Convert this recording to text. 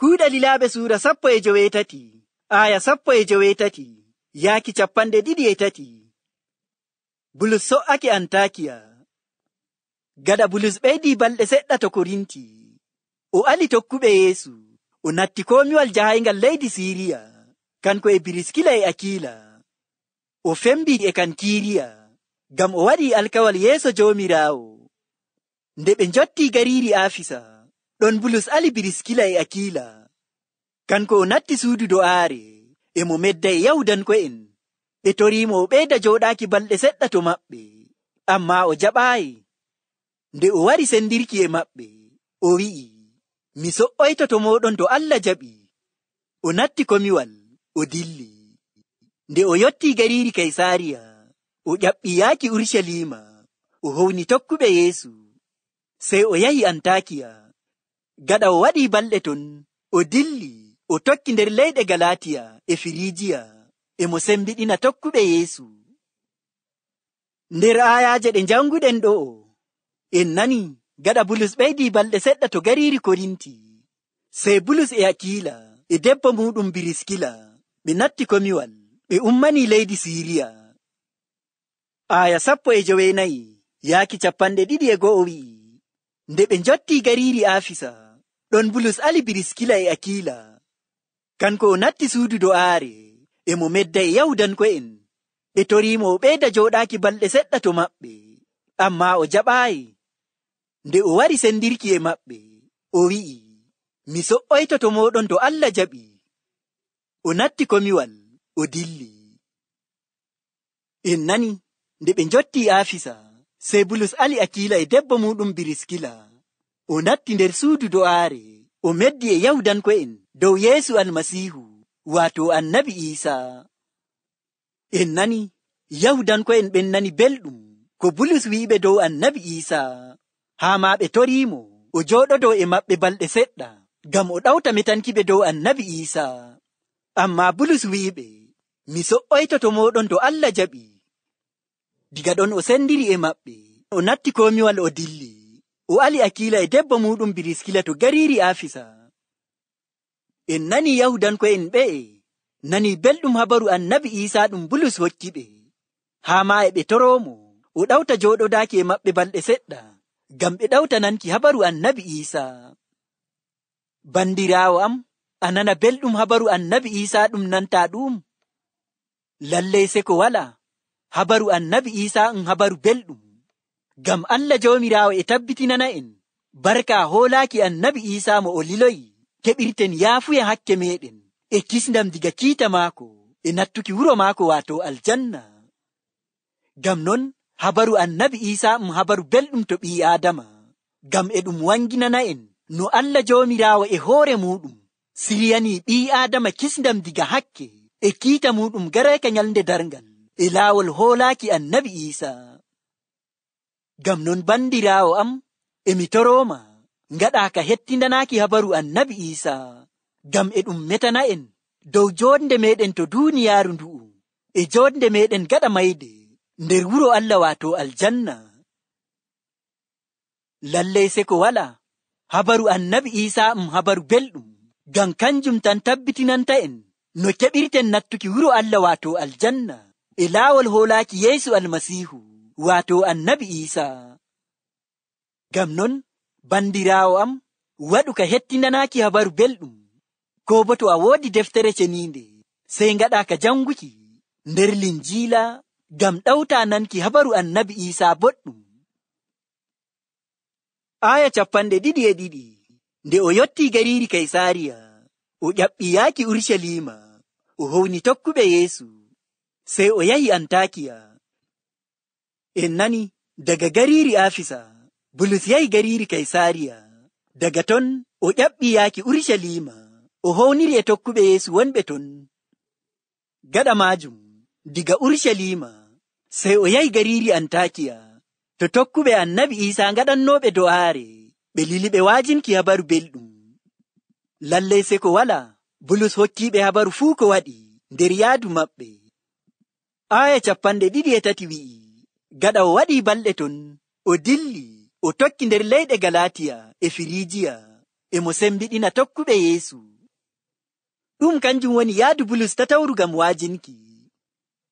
kuuɗali laaɓe suura sappo e joweetati aaya sappo e joweetati yaaki cappanɗe ɗiɗi e tati bulus so'ake antakiya gada bulus ɓeydi balɗe seɗɗa to korinti o ali tokkuɓe yeesu o natti komiwal jahayngal leydi siriya kanko e biriskila e akila o fembi e kankiriya ngam o waɗi alkawal yeeso joomiraawo nde ɓe jotti gariiri afisa ɗon bulus alibiriskila e akila kanko o natti suudu do'aare e mo medda e yahudanko'en ɓe torimo o ɓeyda joɗaaki balɗe seɗɗa to maɓɓe amma o jaɓaayi nde o wari sendirki e maɓɓe o wi'i mi so'oyto to moɗon to allah jaɓi o natti komiwal o dilli nde o yotti gariri kaisariya o ƴaɓɓi yaaki urushalima o howni tokkuɓe yeesu sey o yahi antakiya gaɗa o waɗi balɗe ton o dilli o tokki nder leyɗe galatiya e firijiya e mo sembiɗina tokkuɓe yeesu nder ayaje ɗe janguɗen ɗo o en nani gaɗa bulus ɓeydi balɗe seɗɗa to gariri korinti sey bulus e akila e debbo muɗum biriskila ɓe natti komiwal ɓe ummani leydi siriya aya sappo e jowenayi yaaki capanɗe ɗiɗi e go'o wi'i nde ɓe jotti gariri afisa ɗon bulus alibiriskila e akila kanko o natti suudu do'aare e mo medda e yawdanko'en e torimo o ɓeyda joɗaaki balɗe seɗɗa to maɓɓe amma o jaɓaayi nde o wari sendirki e maɓɓe o wi'i mi so'oyto to moɗon to allah jaɓi o natti komiwal o dilli en nani nde ɓe jotti e afisa sey bulus ali akila e debbo muɗum biriskila o natti nder suudu do'aare o meddi e yahudanko'en dow yeesu almasiihu waato annabi iisaa en nani yahudanko'en ɓen nani belɗum ko bulus wi'iɓe dow annabi iisaa haa maa ɓe toriimo o jooɗodow e maɓɓe balɗe seɗɗa ngam o ɗawta metankiɓe dow annabi iisaa ammaa bulus wi'iɓe mi so'oytoto mooɗon to allah jaɓi diga ɗon o senndiri e maɓɓe o natti koomiwal o dilli o ali akila e debbo muɗum biriskila to gariri afisa en nani yahudanko en ɓe nani belɗum habaru annabi isa ɗum bulus hokkiɓe haa ma e ɓe toromo o ɗawta joɗodaki e maɓɓe balɗe seɗɗa ngam ɓe ɗawta nanki habaru annabi isa bandirawo am a nana belɗum habaru annabi isa ɗum nanta ɗum lallay se ko wala habaru annabi isa n habaru belɗum gam allah jawmirawo e tabbitinana en barka holaki annabi isamo o liloyi keɓirten yaafuya hakke meɗen e kisdam diga kiita maako e nattuki wuro maako wato aljanna gam non habaru annabi isa um habaru belɗum to ɓi adama gam e ɗum wanginana en no allah jawmirawo e hoore muɗum siriyani ɓi adama kisdam diga hakke e kiita muɗum garayka nyalde dargal e laawol hoolaaki annabi isa gam non bandirawo am emi toroma ngaɗa ka hettindanaki habaru annabi isa gam e ɗum metana en dow jonde meɗen to duniyaru ndu'u e jonde meɗen gaɗa mayde nder wuro allah wato aljanna lallai se ko wala habaru annabi isa am habaru belɗum gam kanjum tan tabbitinanta en no keɓirten nattuki wuro allah wato aljanna e lawol holaki yesu almasihu wato annabi isa gam non bandirawo am waɗu ka hettinanaki habaru belɗum ko bo to a wodi deftere ceninde sei gaɗa ka janguki nder linjila gam ɗauta nanki habaru annabi isa boɗɗum aya capanɗe ɗiɗi e ɗiɗi nde o yotti gariri kaisariya o ƴaɓɓiyaki urushalima o howni tokkuɓe yeesu sei o yahi antakiya en nani daga gariri afisa bulus yahi gariri kaisariya daga ton o ƴaɓɓi yaaki urushalima o howniri e tokkuɓe yeesu wonɓe ton gaɗa majum diga urushalima sey o yahi gariri antakiya to tokkuɓe annabi isa gaɗannoɓe do'aare ɓe lili ɓe waajinki habaru belɗum lallei sey ko wala bulus hokkiɓe habaru fuu ko waɗi nder yaadu maɓɓe aya capanɗe ɗiɗi e tati wi'i gaɗa o waɗi balɗe ton o dilli o tokki nder leyɗe galatiya e firijiya e mo sembiɗina tokkuɓe yeesu ɗum kanjum woni yahdu bulus tatawrugam waajinki